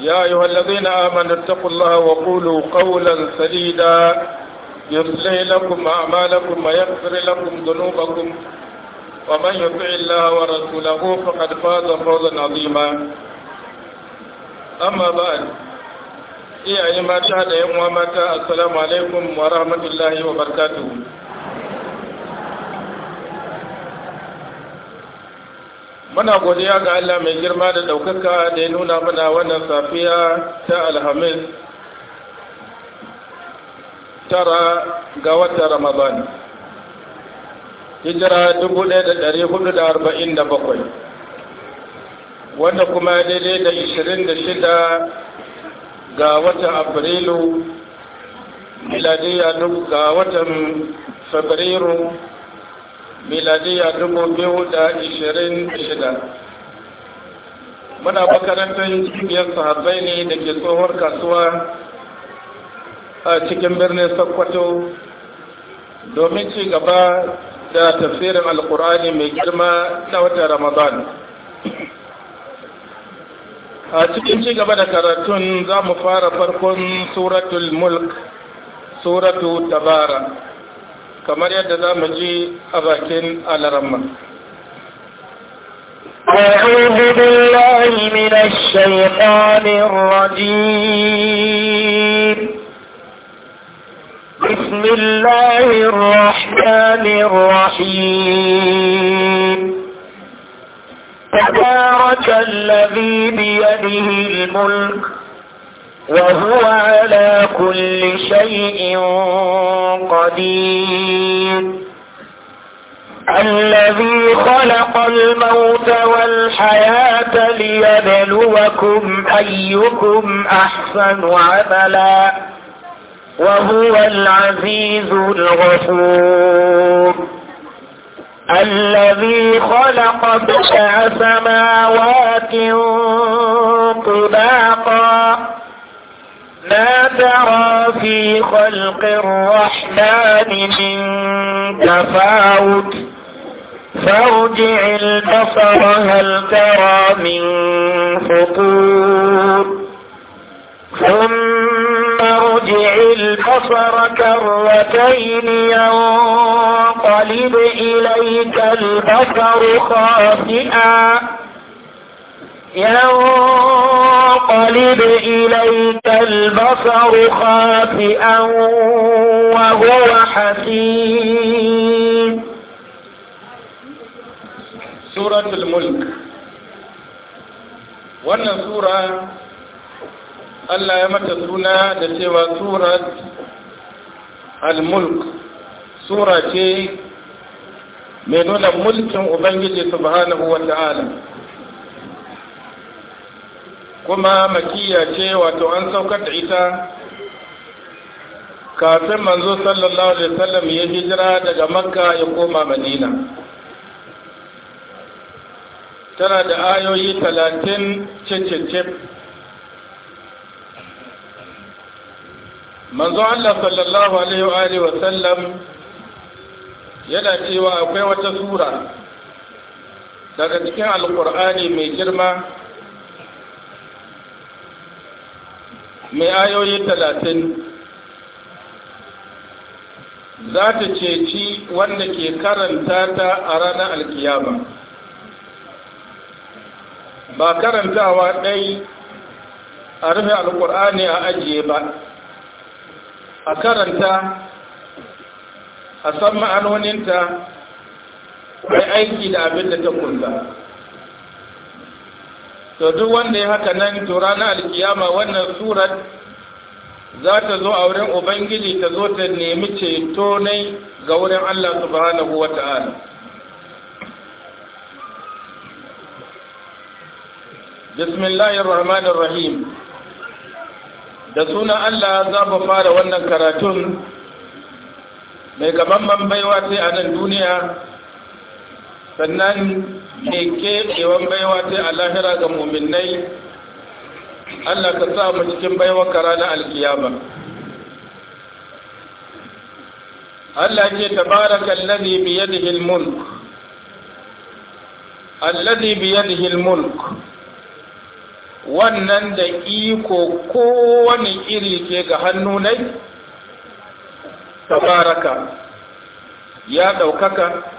يا أيها الذين آمنوا اتقوا الله وقولوا قولا سديدا يصلح لكم أعمالكم ويغفر لكم ذنوبكم ومن يطع الله ورسوله فقد فاز فوزا عظيما أما بعد أيها ما آمنوا السلام عليكم ورحمة الله وبركاته muna godiya ga Allah mai girma da ɗaukaka da ya nuna mana wannan safiya ta alhamis tara ga wata ramadan hijira 1447 wanda kuma daidai da 26 ga watan afrilu dubu ga watan fabrairu ya dubu biyu da ishirin shida muna makarantar cikin sahabbai ne da ke tsohuwar kasuwa a cikin birnin sokoto domin ci gaba da tafsirin alkur'ani mai girma na watan ramadan a cikin ci gaba da karatun za mu fara farkon suratul mulk suratu tabara kamar yadda za mu ji a bakin alaramma أعوذ بالله من الشيطان الرجيم بسم الله الرحمن الرحيم تبارك الذي بيده الملك وهو على كل شيء قدير الذي خلق الموت والحياة ليبلوكم أيكم أحسن عملا وهو العزيز الغفور الذي خلق بشع سماوات طباقا ما ترى في خلق الرحمن من تفاوت فارجع البصر هل ترى من فطور ثم ارجع البصر كرتين ينقلب إليك البصر خاسئا ينقلب إليك البصر خافئا وهو حسين سورة الملك وانا سورة الله يمت سنة سورة الملك سورة شيء من ملك أبنجي سبحانه وتعالى kuma makiya ce wato an saukar da ita kafin manzo sallallahu alaihi wasallam ya hijira daga makka ya koma madina tana da ayoyi talatin cicicif manzo Allah sallallahu alaihi wa sallam yana cewa akwai wata sura daga cikin alkur'ani mai girma mai ayoyi talatin za ta ceci wanda ke karanta ta a ranar alkiyama ba karantawa ɗai a rufe alkur'ani a ajiye ba a karanta a san ma'anoninta mai aiki da abin da ta kunta to duk wanda ya haka nan to ranar alkiyama wannan surar za ta zo a wurin ubangiji ta zo ta nemi ceto ne ga wurin allah subhanahu wa ta'ala bismillahir da sunan allah za mu fara wannan karatun mai gaban baiwa sai a nan duniya sannan ke keɓewan baiwa ta a lahira ga muminai Allah ka sa mu cikin baiwar kara na alkiyama Allah ce tabaraka alladhi bi yadihi almulk alladhi bi yadihi almulk wannan da iko wani iri ke ga hannu nai tabaraka ya ɗaukaka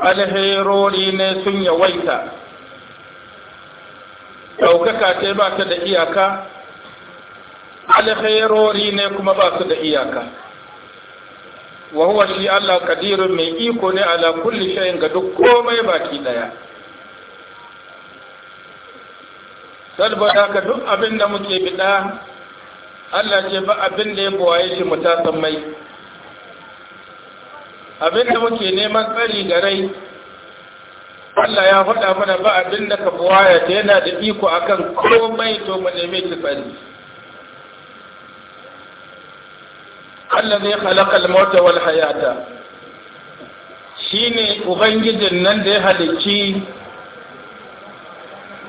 alherori ne sun yawaita ɗaukaka ce ba ta da iyaka alherori ne kuma ba su da iyaka wa huwa shi Allah kadirun mai iko ne ala kulli shayin ga duk komai baki daya saboda ka duk abin da muke bida Allah ce ba abin da ya buwaye shi mutasan mai abinda muke neman tsari ga rai Allah ya faɗa mana ba abin da ka buwaya ta yana da iko akan komai to mu neme shi tsari Allah zai halaka al wal hayata shi ne ubangijin nan da ya halicci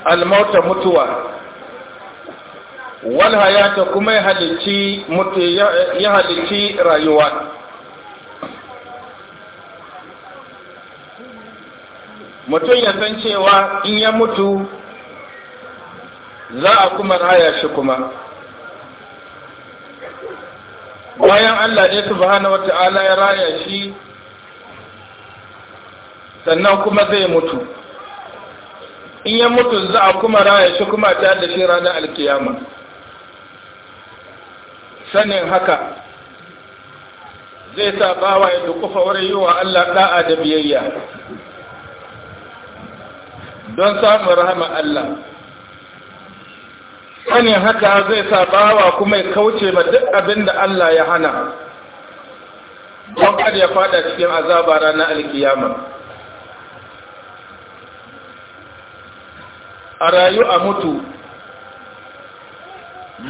al mutuwa wal hayata kuma ya halicci rayuwa mutum ya san cewa in ya mutu za a kuma raya shi kuma bayan Allah ne su bahana wata'ala ya raya shi sannan kuma zai mutu in ya mutu za a kuma raya shi kuma ta da shi ranar alkiyama sanin haka zai sa bawa ya dukufa wurin yi wa Allah da'a da biyayya don samun rahama Allah sanin haka zai sa bawa kuma ya kauce ma duk abin da Allah ya hana don kada ya fada cikin azaba ranar alkiyama a rayu a mutu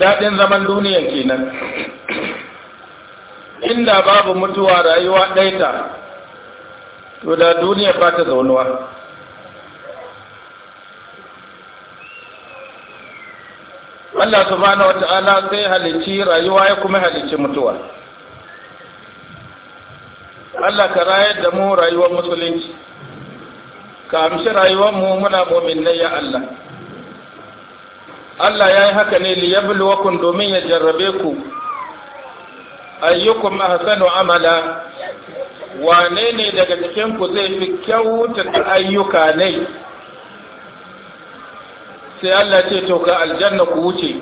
daɗin zaman duniya kenan inda babu mutuwa rayuwa ɗaita to da duniya ba ta zaunuwa Allah subhanahu ta'ala sai halicci rayuwa ya kuma halicci mutuwa Allah ka rayar da mu rayuwar musulunci ka amshi rayuwar mu muna mu'minnai ya Allah Allah ya yi haka ne kun domin ya jarrabe ku ayyukum ahsanu amala wane ne daga cikin ku zai fi kyautata ayyuka ne sai Allah ce to ga aljanna ku wuce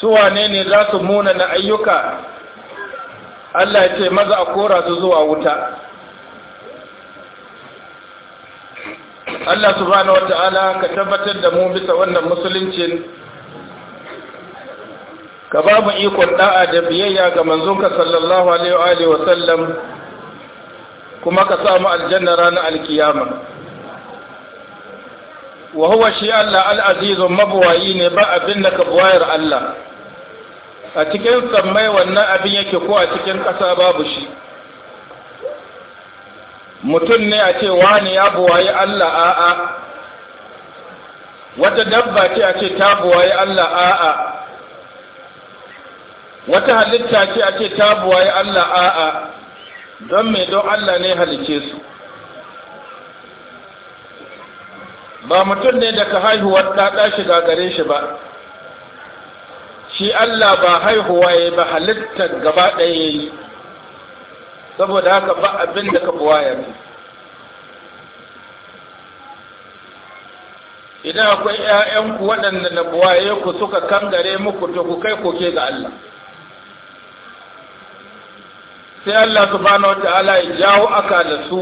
su wane ne za su muna na ayyuka Allah ya ce maza a kora su zuwa wuta Allah subhanahu wata'ala ka tabbatar da mu bisa wannan musuluncin ka ba mu ikon da'a da biyayya ga manzonka sallallahu alaihi wa sallam kuma ka samu aljanna ranar alkiyama wa huwa shi Allah al'azizun mabuwayi ne ba abin da ka buwayar Allah a cikin sammai wannan abin yake ko a cikin ƙasa babu shi mutum ne a ce wani ya buwayi Allah a'a wata dabba ce a ce ta buwayi Allah a'a wata halitta ce a ce ta buwayi Allah a'a don me don Allah ne halice su ba mutum ne daga haihuwar ɗaɗa shiga gare shi ba shi Allah ba haihuwa ya ba halittar gaba ɗaya ya yi saboda haka ba abin da ka buwa ya idan akwai ‘ya'yanku waɗanda na buwaye ku suka kangare muku to ku kai koke ga Allah sai Allah subhanahu wa ta'ala ya jawo aka da su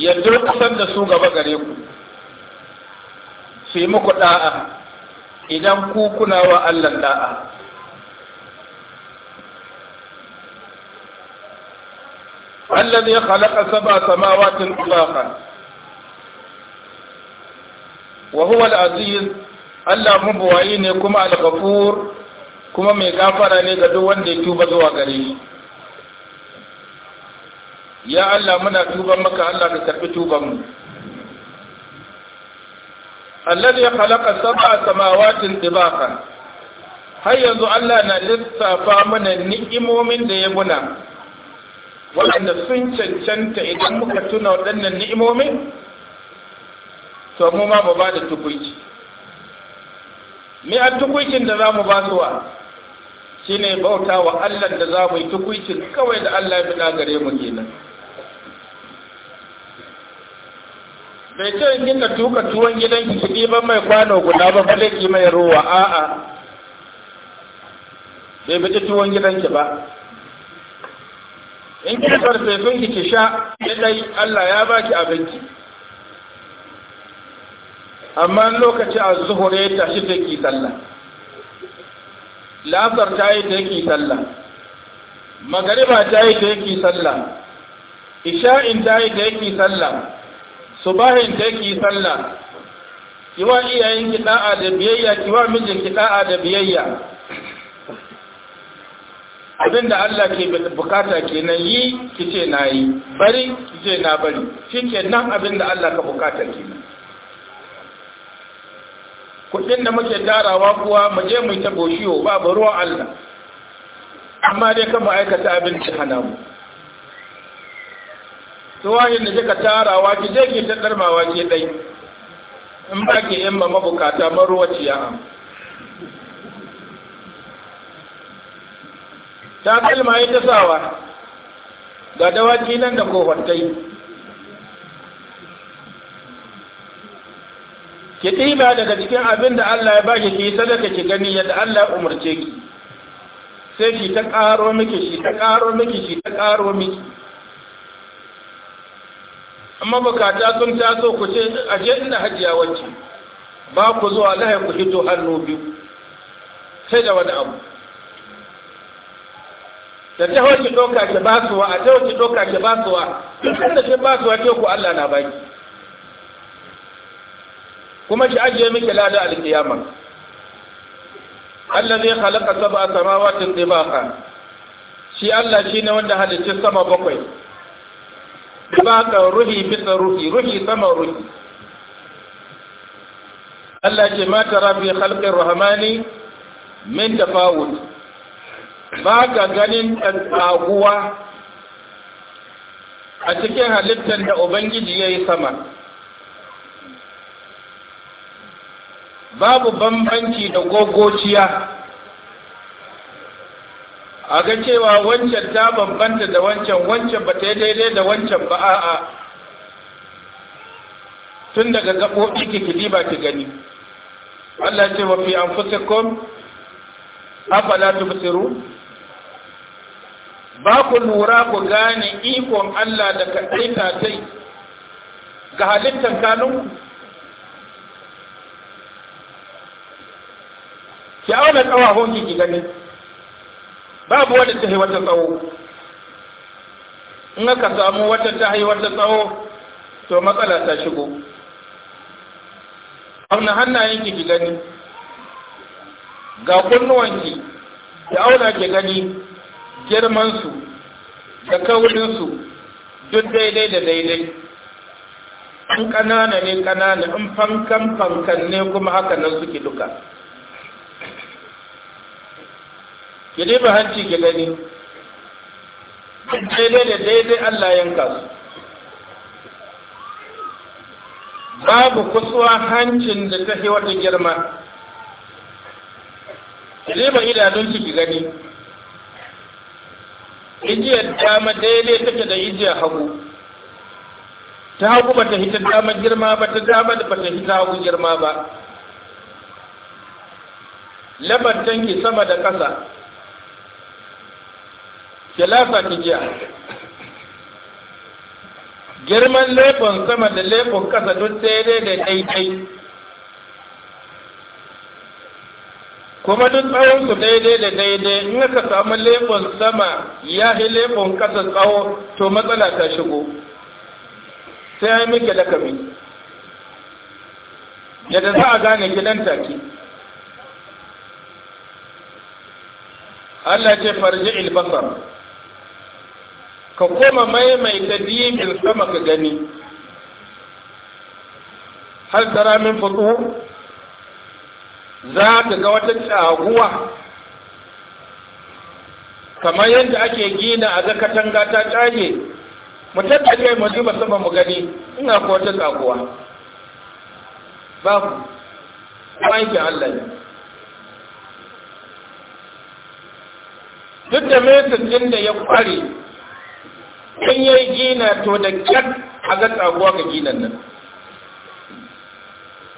ya durƙasar da su gaba gare ku fi muku ɗa'a idan ku kuna wa Allah ɗa'a Allah ne halaka saba samawatin ɗa'a wa huwa al-aziz Allah mabuwayi ne kuma al-ghafur kuma mai gafara ne ga duk wanda ya tuba zuwa gare shi ya Allah muna tuban maka Allah ka karbi tuban mu alladhi khalaqa sab'a samawatin tibaqan har yanzu Allah na lissafa mana ni'imomin da ya guna waɗanda sun cancanta idan muka tuna waɗannan ni'imomin to mu ma mu ba da tukuici me a tukuicin da za mu ba su wa shine bauta wa Allah da za mu yi tukuicin kawai da Allah ya fi gare mu kenan bai ce in gina tuka tuwon gidan ki ki ban mai kwano guda ba bale ki mai ruwa a'a bai bi tuwon gidan ki ba in ki farfefin ki ki sha dai Allah ya baki abinci amma lokaci a zuhur ya tashi ta ki sallah lasar ta yi ta ki sallah magariba ta yi ta ki sallah isha'in ta yi ta ki sallah su bahin da ki sallah ki wa iyayen ki da'a da biyayya ki mijin ki da'a da biyayya abinda Allah ke bukata kenan yi kice na yi bari kice na bari shikenan abinda Allah ka bukata kenan kudin da muke tarawa kuwa mu je mu ta boshiyo babu ruwan Allah amma dai kan mu aikata abin ci hana mu tuwahin da kika wa ki je ki ta darmawa ke dai in ba ki ma mabukata am ta kalma ya sawa ga dawaki nan da kofattai ki ɗiba daga cikin abin da Allah ya baki ki sadaka ki gani yadda Allah ya umarce ki sai ki ta ƙaro miki shi ta ƙaro miki shi ta ƙaro miki mabukata sun taso ku ce aje ina hajiya wacce ba ku zuwa lahai ku hito hannu biyu sai da wani abu da ta hauki doka ɗauka basuwa a ta hauki doka ɗauka basuwa duk da ke basuwa ke ku Allah na baki kuma ki ajiye miki lada alkiyama allazi khalaqa sab'a samawati tibaqa shi Allah shine wanda halicci sama bakwai baka ruhi bisa ruhi ruhi sama ruhi Allah ce ma tara fi min rahmani min tafawut ka ganin tsaguwa a cikin halittar da ubangiji yayi sama babu bambanci da gogociya a ga cewa wancan ta bambanta da wancan wancan ba ta yi daidai da wancan ba a'a tun daga gaɓoɓi ki ki ba ki gani Allah ce wa fi anfusikum afala tubsiru ba ku lura ku gane ikon Allah da kaɗaita sai ga halittar kanun? ki auna ƙawahon ki gani babu wata ta wata tsawo in aka samu wata ta wata tsawo to matsala ta shigo auna hannayen ki gani ga kunnuwanki ki auna ki gani girmansu da kaurinsu duk daidai da daidai in ƙanana ne ƙanana in fankan fankan ne kuma haka nan suke duka ki diba hanci ki gani daidai da daidai Allah yanka su babu kusuwa hancin da ta wata girma ki diba idanun ki gani ijiyar dama daidai take da ijiyar hagu ta hagu ba ta hita dama girma ba ta dama ba ta hita hagu girma ba labartanki sama da ƙasa kelafa ta jiya. girman laifin sama da laifin kasa duk daidai da daidai kuma duk tsawon su daidai da daidai in ka samu laifin sama ya yi laifin kasa tsawo to matsala ta shigo sai ya yi da lakabi yadda za a gane gidan take Allah ce farji ilbasar ka koma maimaita dimin sama ka gani Har tara min fudu za ka ga wata caguwa kamar yadda ake gina a ga katanga ta tsage mu tattace mu duba sama mu gani ina ko wata caguwa babu aikin Allah ne duk da mai da ya kware in ya yi gina to da kyan a ga tsaguwa ga ginan nan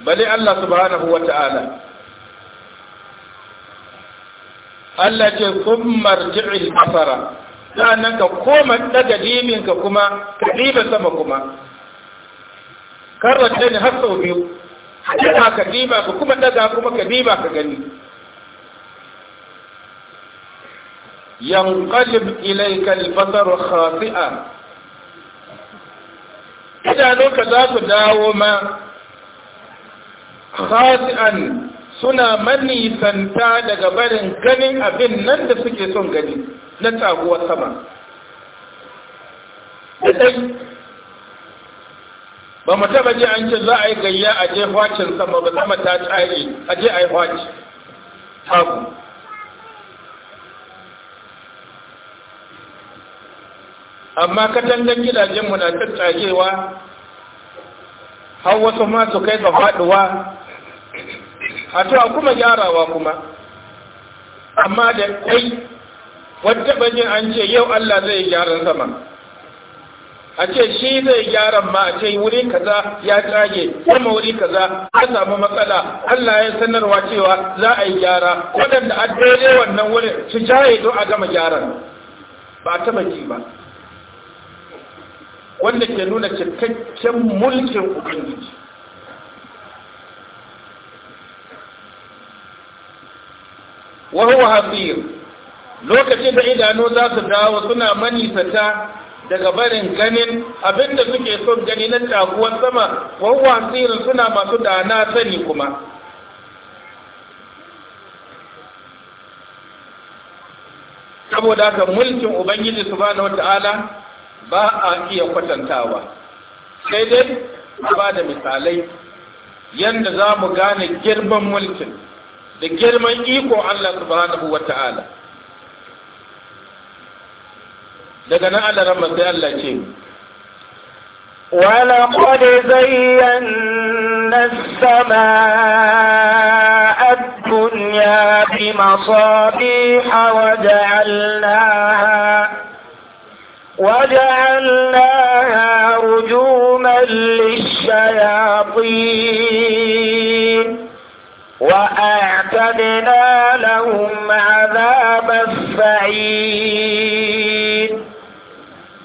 bale Allah subhanahu wa ta'ala Allah ce sun marji'il basara nan ka koma daga liminka kuma ka ɗiba sama kuma karanta ne har sau biyu haka ka ɗiba ka kuma daga kuma ka ɗiba ka gani ينقلب إليك al خاطئا khati'a za su dawo ma khati'an suna manisanta daga barin ganin abin nan da suke son gani na sama ba mu taba ji an ce za a yi gayya a je hwacin sama ba sama ta tsari a je a yi hwaci tagu amma katangar mu na tattagewa har wasu ma su kai ga faduwa a to a kuma gyarawa kuma amma da kai wadda bajin an ce yau Allah zai gyaran sama a ce shi zai gyaran ma a ce wuri kaza ya tsage kuma wuri kaza ya samu matsala Allah ya sanarwa cewa za a yi gyara waɗanda a dole wannan wurin su jaye don a gama gyaran ba ta baki ba wanda ke nuna cikakken mulkin ubangiji wahuwa hasir lokacin da idanu za su dawo suna manisata daga barin ganin abinda suke son gani na taguwar sama wahuwa hasirin suna masu dana sani kuma saboda haka mulkin ubangiji subhanahu wata'ala ba a iya kwatantawa sai dai ba da misalai yadda za mu gane girman mulkin da girman iko Allah subhanahu wa ta'ala daga nan Allah ramar sai Allah ce ولقد زينا السماء الدنيا بمصابيح وجعلناها وجعلناها رجوما للشياطين وأعتدنا لهم عذاب السعير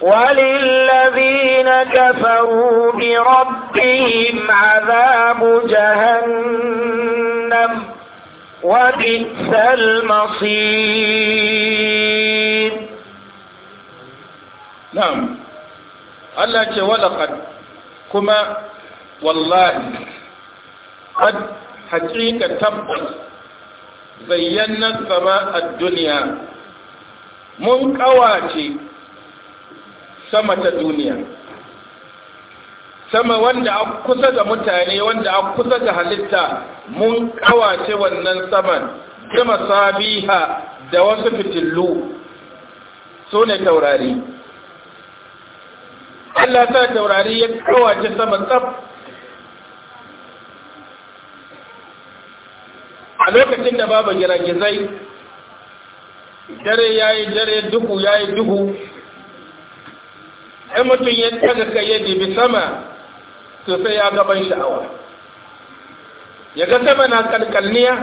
وللذين كفروا بربهم عذاب جهنم وبئس المصير na'am Allah ce walaqad kuma wallahi qad haqiqa tabbas zayyana sama'ad duniya mun kawace sama ta duniya sama wanda a kusa ga mutane wanda a kusa ga halitta mun kawace wannan saman da masabiha da wasu fitillu su ne taurari Allah ta taurari ya kawace sama tsab a lokacin da babu giragizai dare ya yi dare duhu ya yi duhu ɗan mutum ya taga kai ya dibi sama to sai ya gaban sha'awa ya ga sama na kalkalniya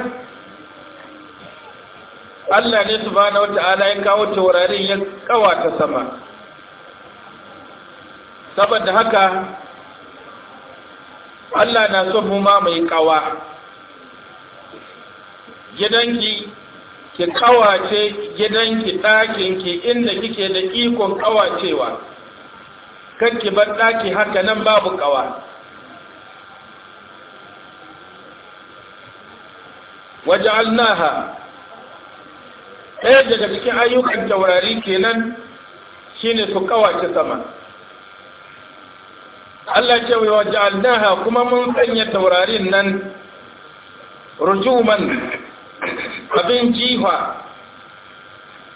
Allah ne su na wata ala ya kawo taurari ya kawata sama saboda haka Allah na son mu ma mai kawa gidanki ki kawace gidanki ɗakinki inda kike da ikon kawacewa ki bar ɗaki haka nan babu kawa waja'alnaha ɗaya daga cikin ayyukan taurari kenan shine su kawace sama Allah ce wa ja'alnaha kuma mun sanya taurarin nan rujuman abin jiha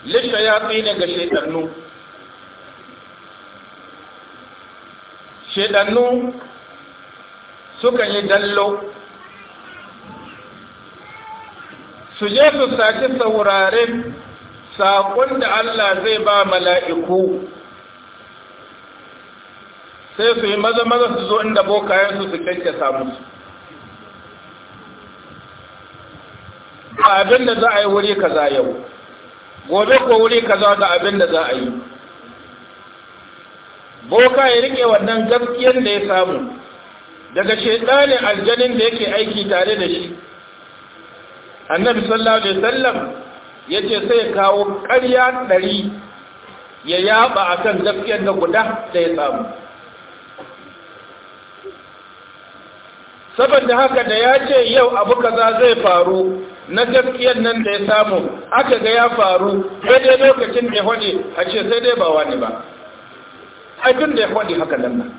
lisha ya tsine ga shedannu shedannu suka yi dallo su je su sake sauraren saƙon da Allah zai ba mala'iku sai su yi maza maza su zo inda bokayen su su kyanke samu su. abin da za a yi wuri kaza yau gobe ko wuri kaza da abin da za a yi boka ya rike wannan gaskiyar da ya samu daga shaidanin aljanin da yake aiki tare da shi annabi sallallahu alaihi wasallam yace sai kawo ƙarya ɗari ya yaba akan gaskiyar da guda da ya samu saboda haka da ya ce yau abu kaza zai faru na gaskiyar nan da ya samu aka ga ya faru sai dai lokacin da ya hode a ce sai dai ba wani ba aikin da ya hode haka nan nan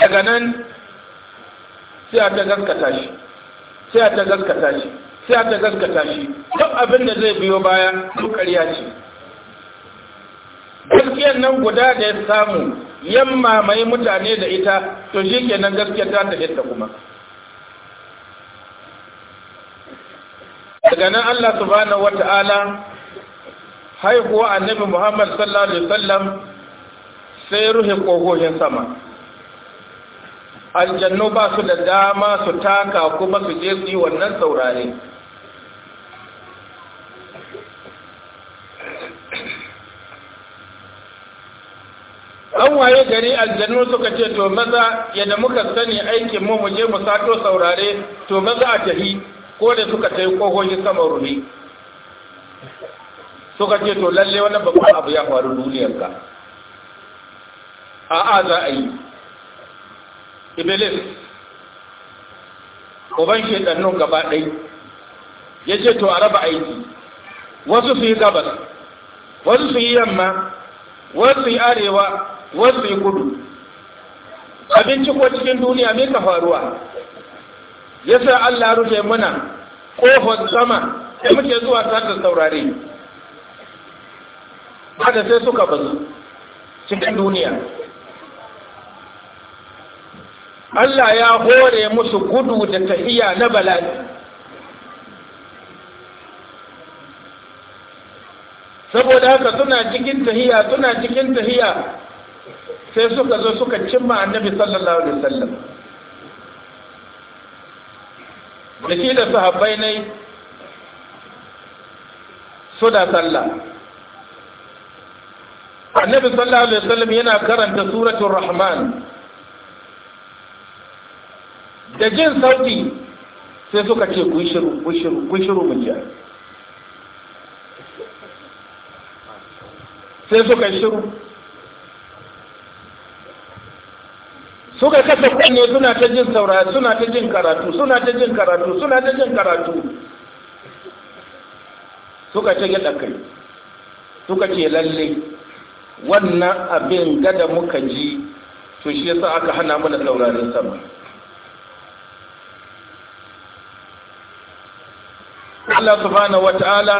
daga nan sai a ta gaskata shi sai a ta gaskata shi sai a ta gaskata shi duk abin da zai biyo baya duk ƙarya ce gaskiyar nan guda da ya samu yamma mai mutane da ita to shi kenan gaskiya ta da hidda kuma daga nan Allah subhanahu wata'ala haihuwa annabi Muhammad sallallahu alaihi wasallam sai ruhin kogohin sama aljannu ba su da dama su taka kuma su je su yi wannan saurare an waye gari aljanu suka ce to maza yadda muka sani aikin mu mu je mu sato saurare to maza a tahi ko da suka tayi kohohi sama ruhi suka ce to lalle wani babban abu ya faru duniyar ka a a za a yi ibelis uban shekannu gaba ɗai ya ce to a raba aiki wasu su yi gabas wasu su yi yamma wasu su yi arewa wasu yi kudu abinci ko cikin duniya mai ka faruwa ya sa Allah rufe mana ƙofar sama ya muke zuwa ta saurare Bada sai suka bazu cikin duniya Allah ya hore musu gudu da tafiya na bala'i saboda haka suna cikin tahiya suna cikin tahiya sai suka zo suka cimma annabi sallallahu alaihi wasallam da shi da sahabbai ne da sallah annabi sallallahu alaihi wasallam yana karanta suratul rahman da jin sauti sai suka ce kushiru shiru kushiru shiru sai suka shiru suka kasa kunne suna ta jin saura suna ta jin karatu suna ta jin karatu suna ta jin karatu suka ce gida kai suka ce lalle wannan abin gada muka ji to shi yasa aka hana mana sauraron sama Allah subhanahu wata'ala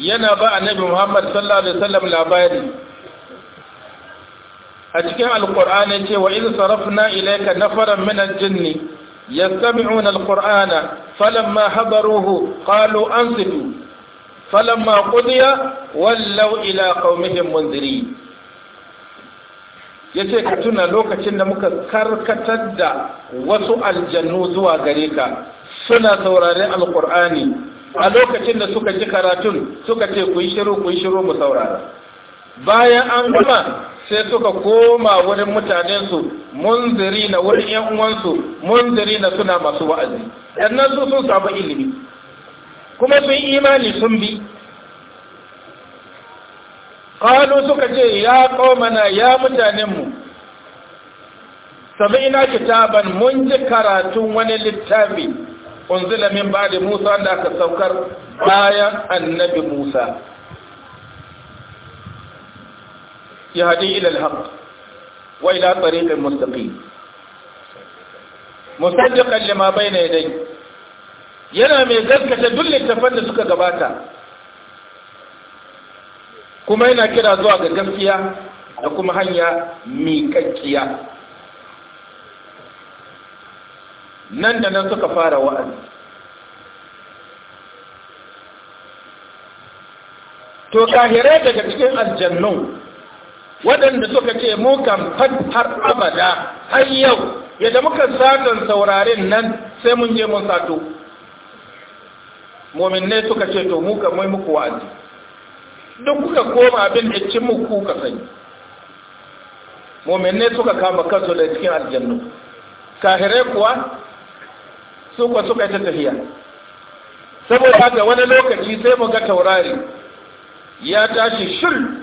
yana ba annabi Muhammad sallallahu alaihi wasallam labari a cikin alkur'ani ce wa in sarafna ilayka nafaran min al-jinn yastami'una al-qur'ana falamma hadaruhu qalu ansitu falamma qudiya wallaw ila qaumihim munziri yace ka tuna lokacin da muka karkatar da wasu aljannu zuwa gare ka suna sauraren alkur'ani a lokacin da suka ji karatun suka ce ku yi shiru ku yi shiru mu saurara bayan an gama sai suka koma wurin mutanensu munziri na wurin ‘yan uwansu munziri na suna masu wa'azi nan su sun samu ilimi kuma sun imani sun bi Kano suka ce ya ƙomana ya mutanenmu ina kitaban mun ji karatun wani littafi unzila min ba da musa da aka saukar bayan annabi musa yahdi ila al-haq wa ila tariqil mustaqim musaddiqan lima yana mai gaskata duk littafan da suka gabata kuma yana kira zuwa ga gaskiya da kuma hanya miƙaƙƙiya nan da nan suka fara wa'azi to kahirai daga cikin aljannun waɗanda suka ce mu kan har abada har yau yadda muka sadon sauraren nan sai mun je mun sato ne suka ce to mu kan mai muku wa'azi duk kuka koma abin da cin muku ka sani ne suka kama kansu da cikin aljannu kahirai kuwa suka suka ta tafiya saboda haka wani lokaci sai mu ga taurari ya tashi shul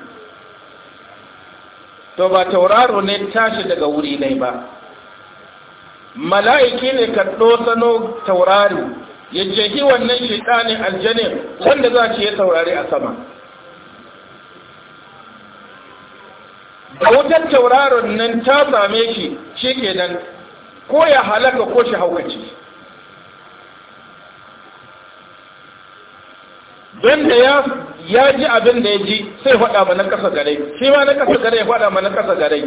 to ba tauraro ne tashi daga wuri ne ba mala'iki ne ka dosano tauraro ya jehi wannan shiɗanin aljanin wanda za ce ya taurari a sama da wutar tauraron nan ta same shi shi ke nan, ko ya halaka ko shi haukaci don da ya ya ji abin da ya ji sai faɗa mana kasa gare shi ma na kasa gare ya faɗa mana kasa gare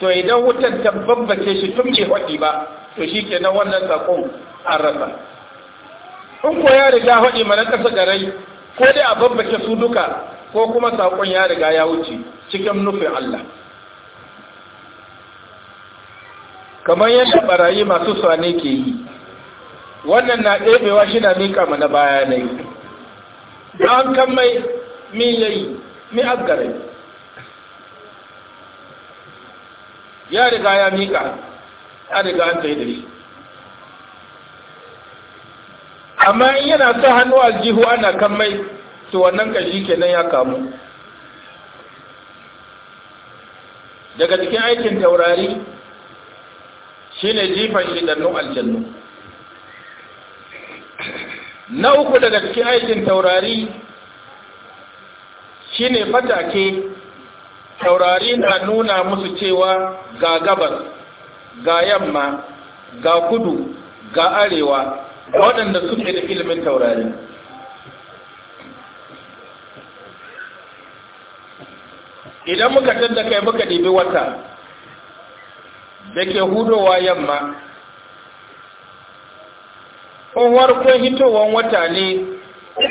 to idan wutan tabbace shi tun bai faɗi ba to shi nan wannan sakon an rasa in ko ya riga faɗi mana kasa gare ko dai a babbace su duka ko kuma sakon ya riga ya wuce cikin nufin Allah kamar yadda barayi masu sane ke yi wannan na ɗebewa shi na miƙa mana baya na yi an kan mai mi mai mi ya riga ya mika ya riga an ta yi da shi amma in yana sa hannu aljihu ana kan mai to wannan kashi kenan ya kamu daga cikin aikin taurari shi ne jifan shi dannu aljannu na uku daga cikin aikin taurari shine fatake taurari na nuna musu cewa ga gabas ga yamma ga kudu ga arewa waɗanda suke da ilimin taurari idan muka tadda kai muka ɗibi wata da ke hudowa yamma in warkon hitowar wata ne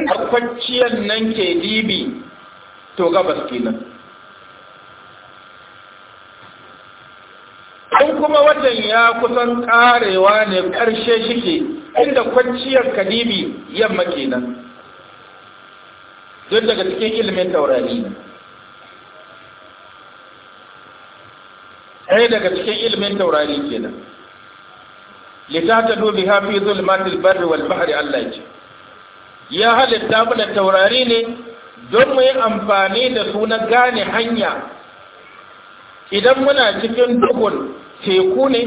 a kwanciyar nan ke libi to gabas kenan tun kuma wajen ya kusan karewa ne karshe shike inda kwanciyar kadibi yamma kenan don daga cikin ilimin taurari ɗaya daga cikin ilimin taurari kenan litatadu biha fi zulmatil barri wal bahri Allah ya ya halitta mana taurari ne don mu yi amfani da su na gane hanya idan muna cikin duhun teku ne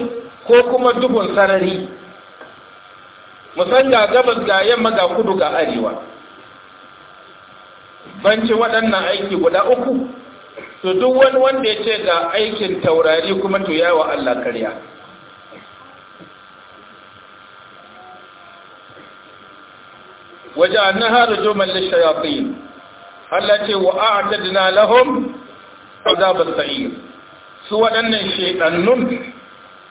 ko kuma duhun sarari musan ga gabas ga yamma ga kudu ga arewa banci waɗannan aiki guda uku to duk wani wanda ya ce ga aikin taurari kuma to yawa Allah karya waje an na haru joman lishayafi Allah ce wa a atadina a azabar sa'ir su waɗannan shaidannun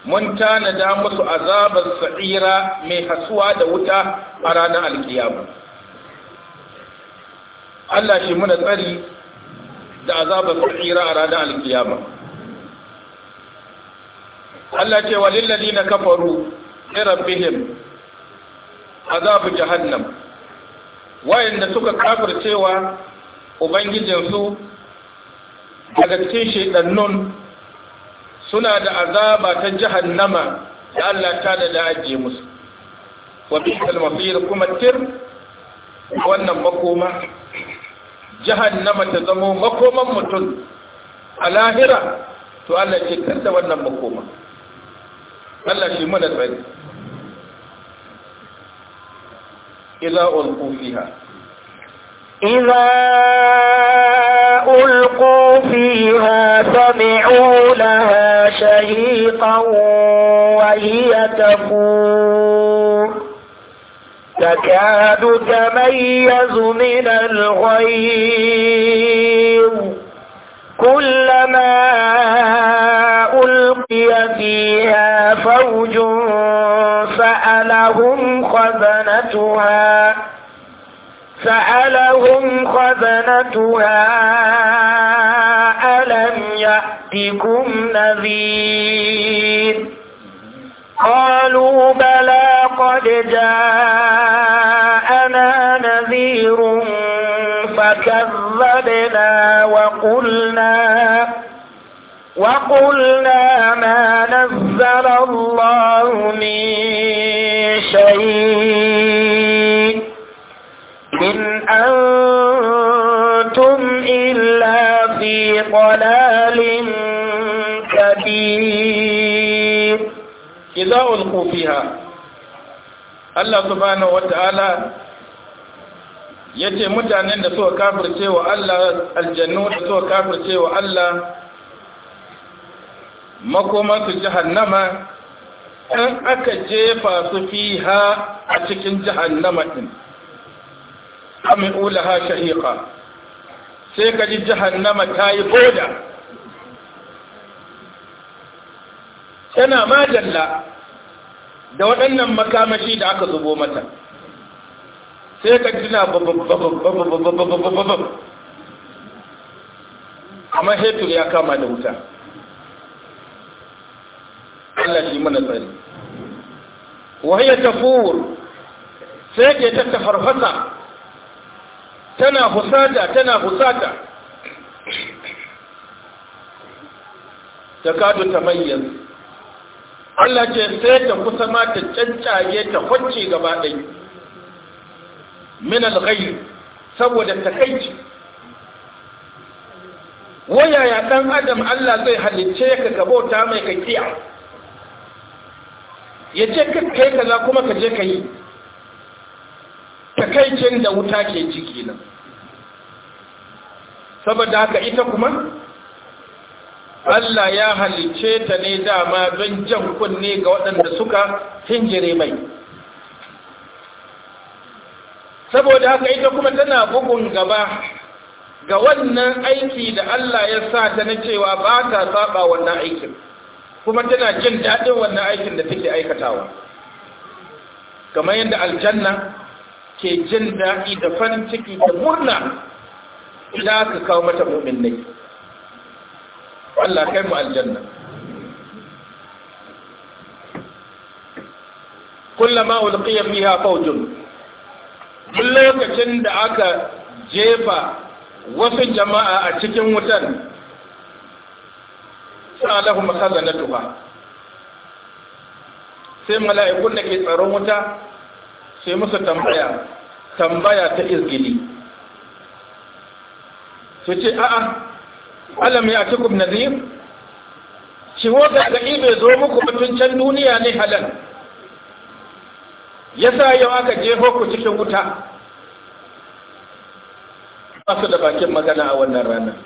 mun tanada musu azabar sa'ira mai hasuwa da wuta a ranar alkiyama Allah shi muna tsari da azabar sa'ira a ranar alkiyama Allah ce wa lillazi na kafaru rabbihim azabu jahannam wayanda suka kafir cewa ubangijinsu daga cikin shaidannun suna da azaba ta jahannama da Allah ta da da ajiye musu wa bisal masir kuma tir wannan makoma jahannama ta zamo makoman mutum a lahira to Allah ce kar da wannan makoma Allah shi mana tsari إذا ألقوا فيها إذا ألقوا فيها سمعوا لها شهيقا وهي تفور تكاد تميز من الغيظ كلما ألقي فيها فوج سألهم خزنتها سألهم خزنتها ألم يأتكم نذير قالوا بلى قد جاءنا نذير فكذبنا وقلنا وقلنا ما نزل الله من شيء إن أنتم إلا في ضلال كبير إذا ألقوا فيها الله سبحانه وتعالى yace mutanen da suka kafirce wa Allah aljannu da suka kafirce wa Allah makoma su jahannama in aka jefa su ha a cikin jahannama din ha shahiqa sai ka ji jahannama ta yi boda Yana majalla da waɗannan makamashi da aka zubo mata sai ka ji na babbabbabbabbabbabbabbabbabbabbab amma ya kama da wuta Allah shi mana tsari wahiyar tafur sai ke ta tafarfasa tana husata tana husata ta kadu ta mayyar Allah ce sai ta kusa ma ta cancaye ta kwanci gaba ɗai min alghayi saboda ta takaici wayaya ɗan adam Allah zai halicce ka ka bauta mai kakiya ya ce kai kaza kuma ka je ka yi takaicin da wuta ke ciki nan saboda haka ita kuma Allah ya halice ta ne dama don jan kunne ga waɗanda suka hinjire mai saboda haka ita kuma tana bugun gaba ga wannan aiki da Allah ya sa ta na cewa ba ka saba wannan aikin kuma tana jin daɗin wannan aikin da take aikatawa kamar yadda aljanna ke jin daɗi da farin ciki da murna za ka kawo mata mu'min Allah kai mu aljanna kullama ulqiya fiha fawjun duk lokacin da aka jefa wasu jama'a a cikin wutar. sa'alahu masallanatuha sai mala'ikun da ke tsaron wuta sai musu tambaya tambaya ta izgili su ce a'a alam ya cikin nazir shi wata gani bai zo muku mutuncen duniya ne halal ya sa yau aka jefo ku cikin wuta ba su da bakin magana a wannan ranar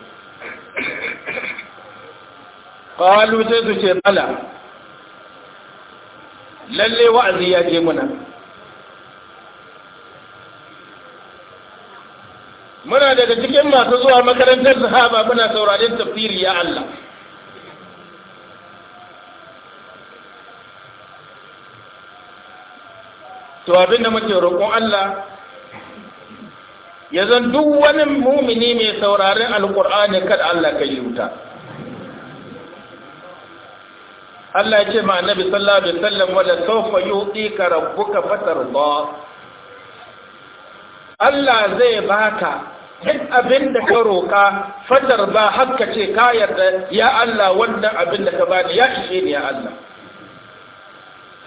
qalu sai su ce bala lalle wa'azi ya je muna muna daga cikin masu zuwa makarantar sahaba muna sauraren tafsiri ya Allah to abinda muke roƙon Allah ya zan duk wani mumini mai sauraren alƙur'ani kada Allah ka yi wuta Allah ya ce ma annabi sallallahu alaihi wasallam wala sawfa ka rabbuka fatarda Allah zai baka duk abin da ka roƙa fatar ba hakka ce ka yarda ya Allah wannan abin da ka bani ya ishe ni ya Allah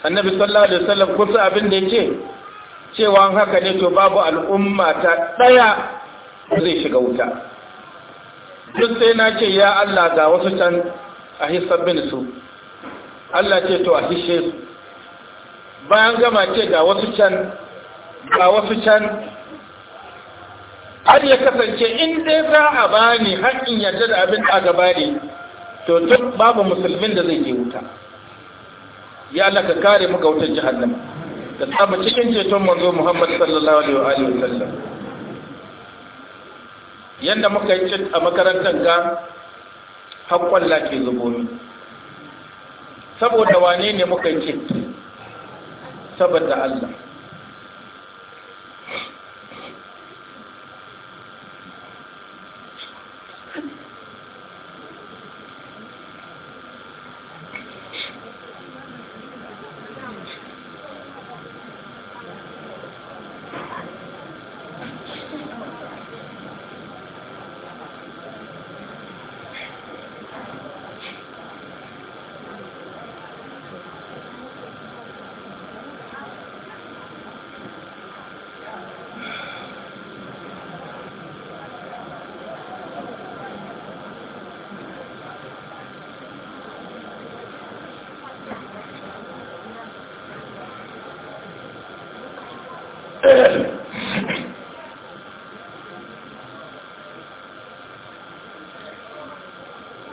annabi sallallahu alaihi wasallam kusa abin da yake cewa haka ne to babu al'umma ta daya zai shiga wuta duk sai na ce ya Allah ga wasu can a hisabbin su Allah ce to a hishe su bayan gama ce ga wasu can ga wasu can har ya kasance in dai za a bani haƙƙin yarda da abin a gaba ne to tun babu musulmin da zai ke wuta ya Allah ka kare mu ga jihar nan ka samu cikin ceton manzo Muhammad sallallahu alaihi wa sallam yanda muka yi a makarantar ga hakkon lafi zubomi saboda wane ne muka yi saboda Allah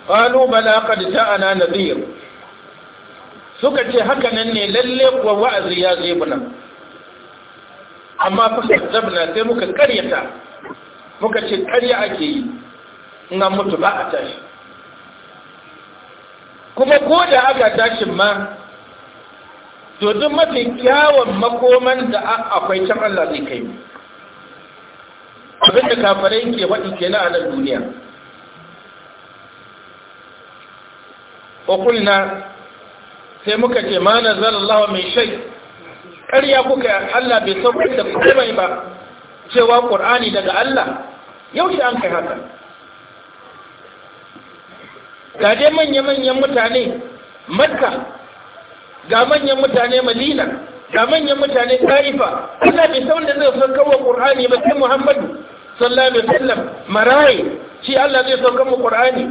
qalu bala qad ta'ana nadhir suka ce haka nan ne lalle kuwa wa'azi ya zai muna amma fa kazzabna sai muka karyata muka ce karya ake yi na mutu ba a tashi kuma ko da aka tashin ma to duk mafi kyawun makoman da akwai can Allah zai kai mu abinda kafarai ke faɗi ke a nan duniya ƙwaƙulina sai muka ce ma nazar Allah mai shai ƙarya kuka Allah bai sauƙi da mai ba cewa Qur'ani daga Allah Yau shi an kai haka ga dai manya-manyan mutane makka ga manyan mutane madina ga manyan mutane ta'ifa kuna bi sauran da zai saukar wa qur'ani ba sai muhammadu sallallahu alaihi wasallam marayi shi Allah zai saukar mu qur'ani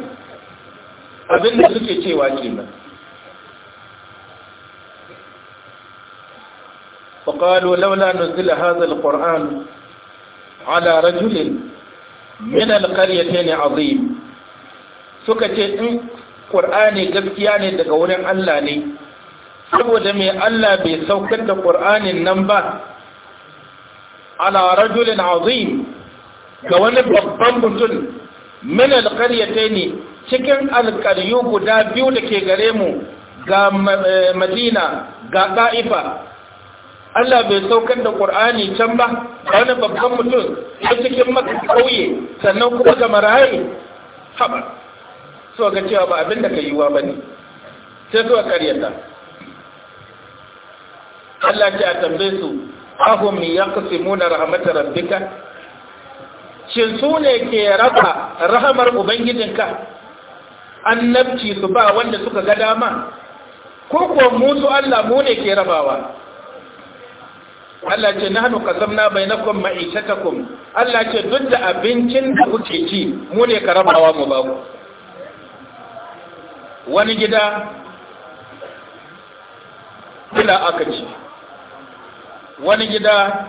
da suke cewa kenan qalu lawla nuzila hadha alquran ala rajulin min alqaryatayn azim suka ce in ƙur'ani gaskiya ne daga wurin Allah ne saboda mai Allah bai saukar da ƙur'anin nan ba ala rajulin azim ga wani babban mutum min alƙaryatai ne cikin alƙaryu guda biyu da ke gare mu ga eh, madina ga ɗa'ifa Allah bai saukar da ƙur'ani can ba ga wani babban mutum ta cikin maka ƙauye sannan kuma ga marayi haɓar so ga cewa ba abin da ka wa ba ne sai zuwa ƙaryata Allah ce a tambe su ahum muna rahmatar rabbika shin su ne ke raba rahamar ubangijinka annabci su ba wanda suka ga dama ko kuwa mu su Allah mu ne ke rabawa Allah ce nahnu qasamna bainakum ma'ishatakum Allah ce duk da abincin da kuke ci mu ne ka rabawa mu ba ku wani gida ila aka ci wani gida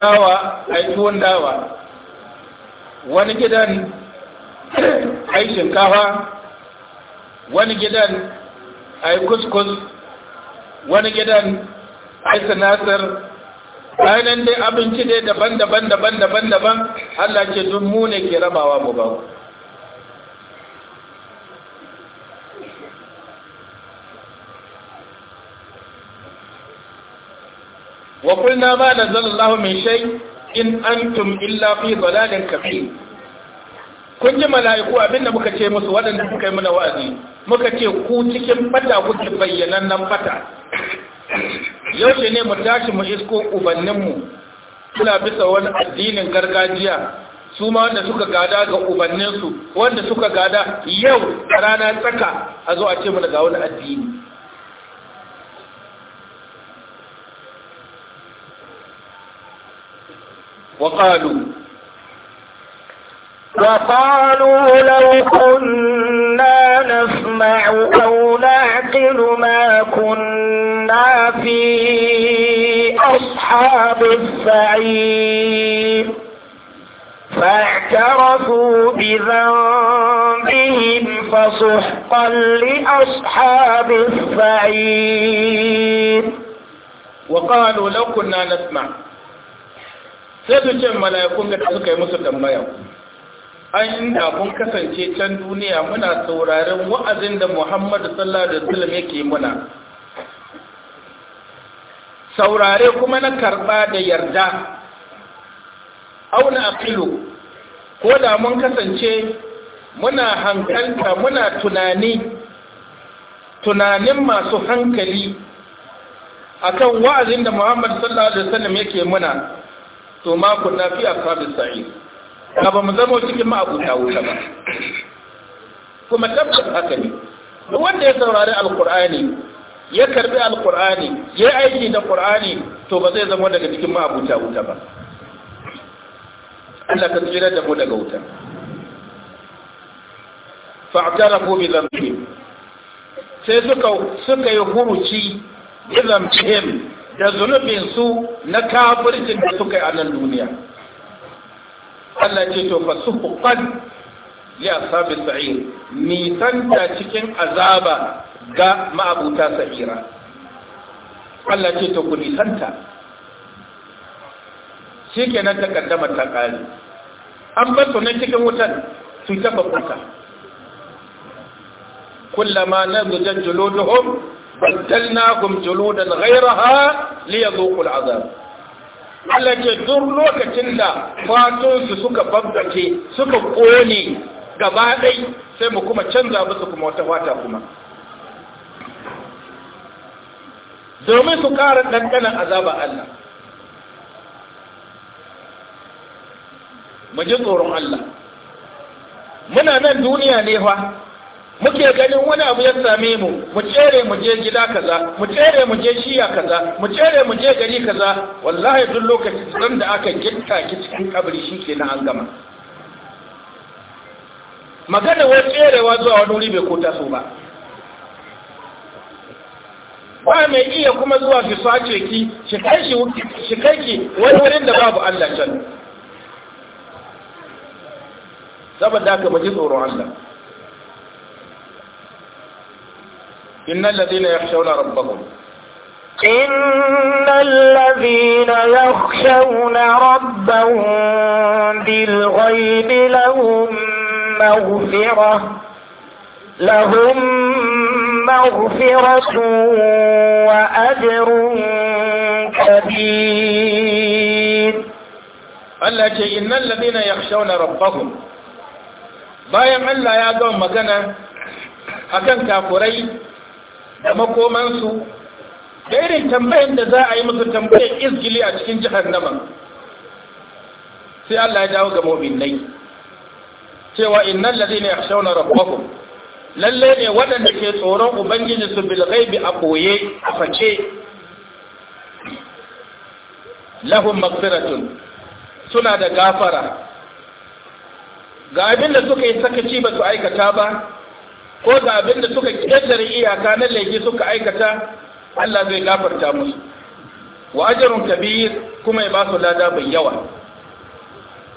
dawa a tuwon dawa wani gidan a yi shinkafa wani gidan a yi kuskus wani gidan a yi sinasar, bayanan dai abinci dai daban-daban daban-daban daban Allah ce dun mu ne ke rabawa mu ba wa kulna ma nazzala Allah min shay in antum illa fi dalalin kun ji mala'iku abinda muka ce musu waɗanda suka yi mana wa'azi muka ce ku cikin fata kuke nan fata yaushe ne mu tashi mu isko ubanninmu suna bisa wani addinin gargajiya su ma wanda suka gada ga ubanninsu wanda suka gada yau rana tsaka a zo a ce mu ga wani addini وقالوا وقالوا لو كنا نسمع أو نعقل ما كنا في أصحاب السعير فاعترفوا بذنبهم فسحقا لأصحاب السعير وقالوا لو كنا نسمع sai su ce mala'ikun da suka yi musu tambaya an inda kun kasance can duniya muna saurarin wa'azin da muhammadu sallallahu alaihi wasallam yake muna saurare kuma na karba da yarda auna aqilu ko da mun kasance muna hankalta muna tunani tunanin masu hankali akan wa'azin da muhammadu sallallahu alaihi wasallam yake muna to ma kunna fi ashabis sa'id ka ba mu zama cikin ma'abuta wuta ba kuma tabbata haka ne duk wanda ya saurari alqur'ani ya karbi alqur'ani ya aiki da qur'ani to ba zai zama daga cikin ma'abuta wuta ba Allah ka tsira da mu daga wuta fa'tarafu bi dhanbihim sai suka suka yi huruci idan da su na kafircin da suka yi a nan duniya Allah ce to fa su suhuqan li ashabi sa'ir nisanta cikin azaba ga ma'abuta sa'ira Allah ce to ku nisanta shikenan ta kaddama ta kare an bar su nan cikin wutan su ta babbata kullama nazu jajjuluduhum badalnahum juludan ghayraha liyadhuqu al'azab Allah ce duk lokacin da fatonsu suka babbace suka kone gaba ɗai sai mu kuma canza musu kuma wata fata kuma domin su ƙara ɗanɗanan azaba Allah mu ji tsoron Allah muna nan duniya ne fa muke ganin wani abu ya same mu mu tsere mu je gida kaza mu tsere mu je shiya kaza mu tsere mu je gari kaza wallahi duk lokaci san da aka gitta ki cikin kabri shikenan an gama magana wai tserewa zuwa wani wuri bai ko taso ba ba mai iya kuma zuwa su sace ki shi kai ki wani wurin da babu Allah can saboda ka mu ji tsoron Allah إن الذين يخشون ربهم إن الذين يخشون ربهم بالغيب لهم مغفرة لهم مغفرة وأجر كبير التي إن الذين يخشون ربهم bayan Allah يا gama magana أكن كافرين makomansu da irin tambayan da za a yi musu tambayan izgili a cikin jihar nama sai Allah ya dawo ga mominai cewa ne a shauna rabbahum lalle ne waɗanda ke tsoron ubangiji su bil ghaibi a koye a face lahun makfiratun suna da gafara ga abin da suka yi sakaci ba su aikata ba ko da abin da suka ƙetare iyaka na laifi suka aikata Allah zai gafarta musu wa ajrun kabir kuma ya ba su lada bai yawa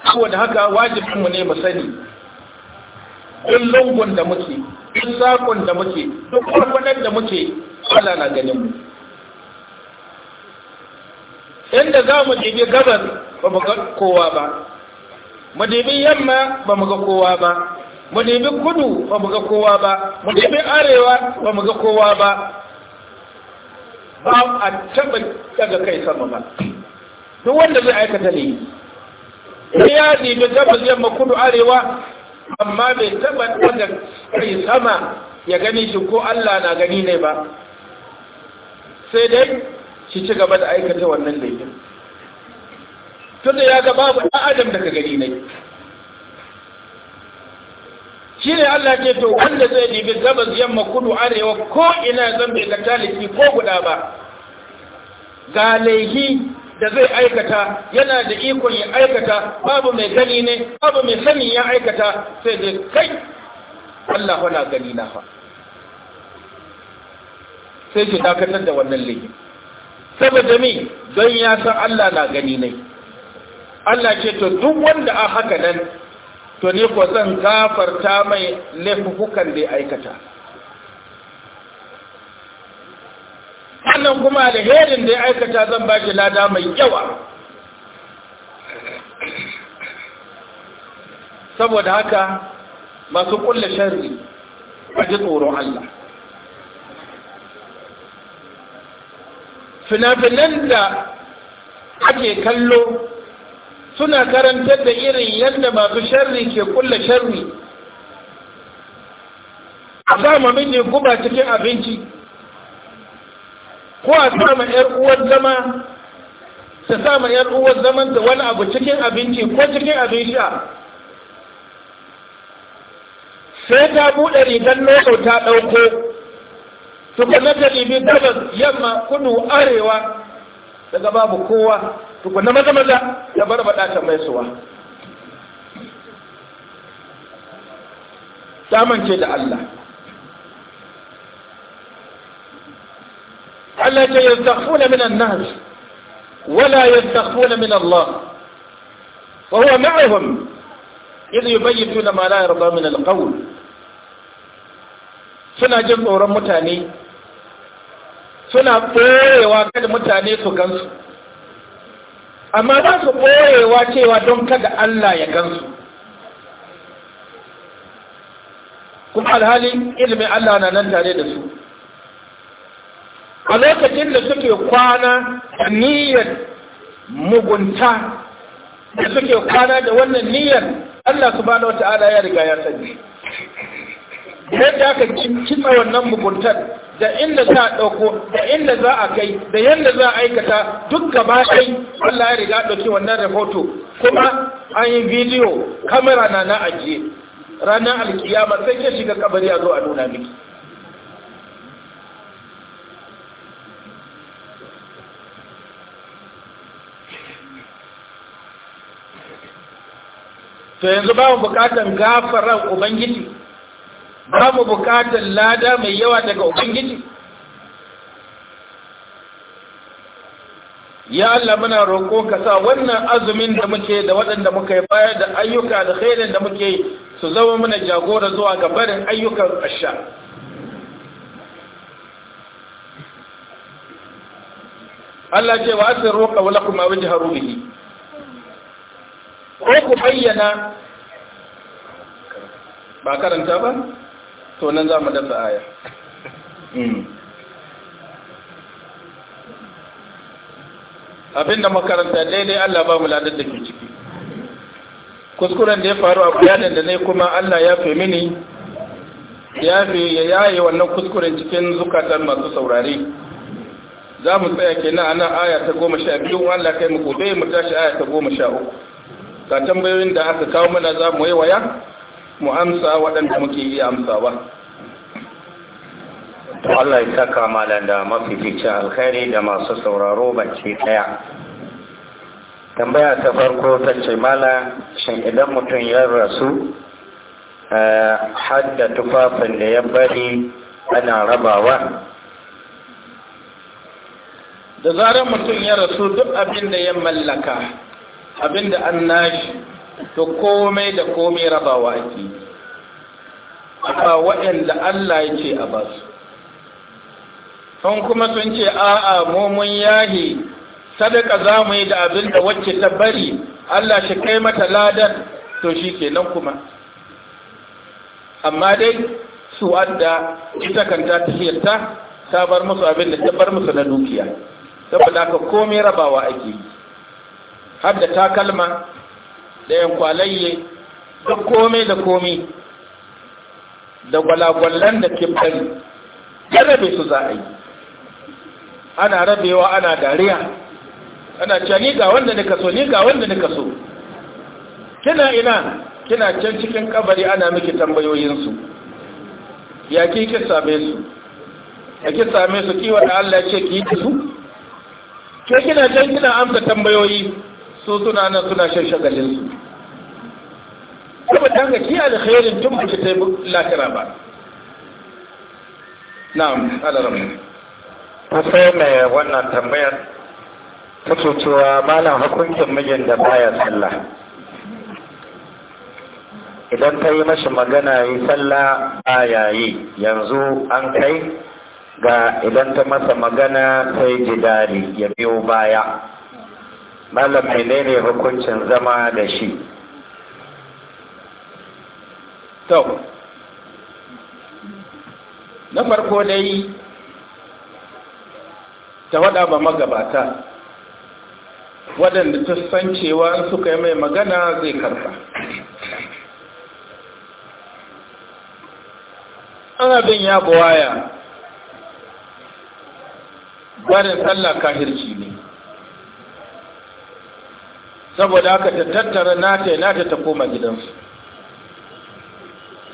saboda haka wajibinmu ne mu sani duk lungun da muke duk sakon da muke duk kwanan da muke Allah na ganin mu inda za mu ɗibi gabas ba mu ga kowa ba mu ɗibi yamma ba mu ga kowa ba mu nemi kudu ba mu ga kowa ba mu nemi arewa ba mu ga kowa ba ba a taɓa daga kai sama ba duk wanda zai aikata ne ya nemi gabas yamma kudu arewa amma bai taɓa daga kai sama ya gani shi ko Allah na gani ne ba sai dai shi ci gaba da aikata wannan laifin tunda ya ga babu ɗan adam daga gani ne shi ne Allah ce to wanda zai dibi gabas yamma kudu arewa ko ina zan bai ga taliki ko guda ba ga laihi da zai aikata yana da ikon ya aikata babu mai gani ne babu mai sani ya aikata sai da kai Allah wala gani na fa sai ki dakatar da wannan laihi saboda mi don ya san Allah na gani ne Allah ce to duk wanda a haka nan to ni ko zan gafarta mai laifukan da ya aikata sannan kuma alherin da ya aikata zan ba shi lada mai yawa saboda haka masu kulle sharri a ji tsoron Allah fina-finan da ake kallo suna karantar da irin yadda masu sharri ke kulla sharri a sama mini guba cikin abinci ko a sama yar uwar zama ta sama yar uwar zaman da wani abu cikin abinci ko cikin abin sha sai ta buɗe rigar nono ta ɗauko tukunan ta ibi gabas yamma kudu arewa daga babu kowa tukunna maza maza ya bar baɗa mai suwa ta mance da Allah Allah ce yastaghfuna min an-nas wala yastaghfuna min Allah wa huwa ma'ahum idh yubayyituna ma la yarda min al-qawl suna jin tsoron mutane suna ɓoyewa kada mutane su gansu amma za su ɓoyewa cewa don kada Allah ya gansu kuma alhalin ilimin Allah na nan tare da su a lokacin da suke kwana niyyar mugunta da suke kwana da wannan niyyar Allah su wata ala ya riga ya sani yadda aka cimma wannan muguntar da inda za a ɗauko da inda za a kai da yadda za a aikata duk gaba ɗai Allah ya riga ɗauki wannan rahoto kuma an yi bidiyo kamera na na ajiye ranar alkiyama sai ke shiga kabari a zo a nuna miki to yanzu ba mu bukatan gafaran ubangiji babu bukatar lada mai yawa daga ubangiji ya Allah muna roƙo ka sa wannan azumin da muke da waɗanda muka yi bayar da ayyuka da khairin da muke su zama muna jagora zuwa ga barin ayyukan asha Allah ce wa asir roƙa wa lakum abin jihar rubihi ko ku bayyana ba karanta ba to nan za mu dafa aya mm. abinda makaranta daidai Allah ba mu ladar da ke ciki kuskuren da ya faru a bayanin da ne kuma Allah ya fi mini ya fi ya yaye wannan kuskuren cikin zukatan masu saurare za mu tsaya ke a ana aya ta goma sha biyu Allah kai mu gobe mu tashi aya ta goma sha uku ga tambayoyin da aka kawo mana za mu yi waya mu amsa waɗanda muke iya amsa ba to Allah ya saka da mafificin alkhairi da masu sauraro baki daya tambaya ta farko ta ce mala shin idan mutum ya rasu eh, hadda tufafin da ya bari ana rabawa da zarar mutum ya rasu duk abin da ya mallaka abin da an nashi to komai da komai rabawa ake yi ba waɗanda Allah ya ce a ba su sun kuma sun ce a'a mu mun yahi sadaka za mu yi da abin da wacce ta bari Allah shi kai mata ladan to shi ke nan kuma amma dai su wadda ita kanta tafiyarta ta bar musu abin da ta bar musu na dukiya saboda haka komai rabawa ake yi har da takalma da yankwalayye da komai da komai da gwalagwallan da kibbali ya rabe su za a yi ana rabewa ana dariya ana cewa ni ga wanda nika so ni ga wanda nika so kina ina kina can cikin kabari ana miki tambayoyinsu ya ki ki same su ya ki same su kiwa da Allah ya ce ki yi su ke kina can kina amsa tambayoyi su suna nan suna shan shagalin su saboda haka da alkhairin tun ba ta sai lakira ba na'am alaram ta sai mai wannan tambayar ta cewa malam hukuncin mijin da baya sallah idan ta yi mashi magana yi sallah ya yayi yanzu an kai ga idan ta masa magana sai ji dadi ya biyo baya malam menene hukuncin zama da shi to na farko dai ta waɗa ba magabata waɗanda ta san cewa suka yi mai magana zai karfa an abin ya buwaya barin sallah kahirci ne saboda haka ta tattara nata nata ta koma gidansu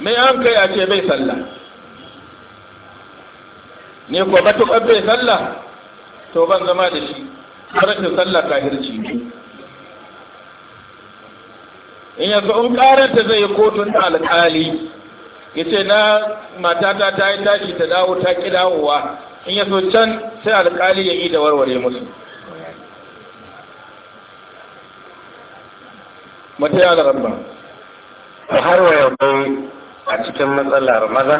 mai an kai a ce bai sallah ne ko matuƙar bai sallah to ban zama da shi rashin sallah kahirci ne in yanzu in karanta zai yi kotun alƙali ya ce na matata ta yi tashi ta dawo ta ƙi dawowa in yanzu can sai alƙali ya yi da warware musu wata yawa rabba har wa yau a cikin matsalar maza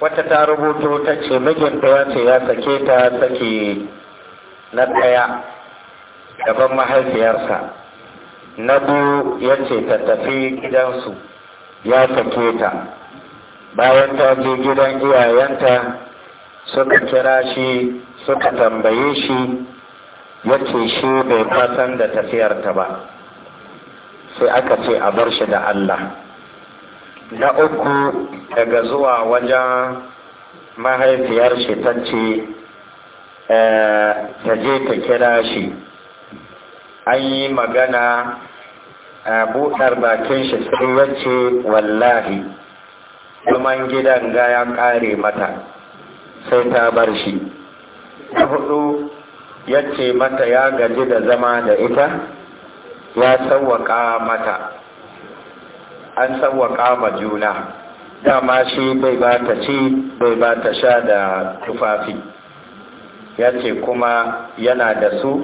wata ta rubuto ta ce mijinta ya ce ya sake ta sake na ɗaya gaban mahaifiyarsa na biyu ya ce ta tafi gidansu ya sake ta bayan ta je gidan iyayenta suka kira shi suka tambaye shi ya shi bai fasan da tafiyarta ba sai aka ce a bar shi da Allah na uku daga zuwa wajen mahaifiyar shi ta ce eh, ta je ta kira shi an yi magana a buɗar bakin shi sai yace wallahi kuman gidan ga ya ƙare mata sai ta bar shi na hudu yace mata ya gaji da zama da ita ya sawwaka mata an sawwaka ma juna dama shi bai ba ta ci bai ba ta sha da tufafi ya ce kuma yana da su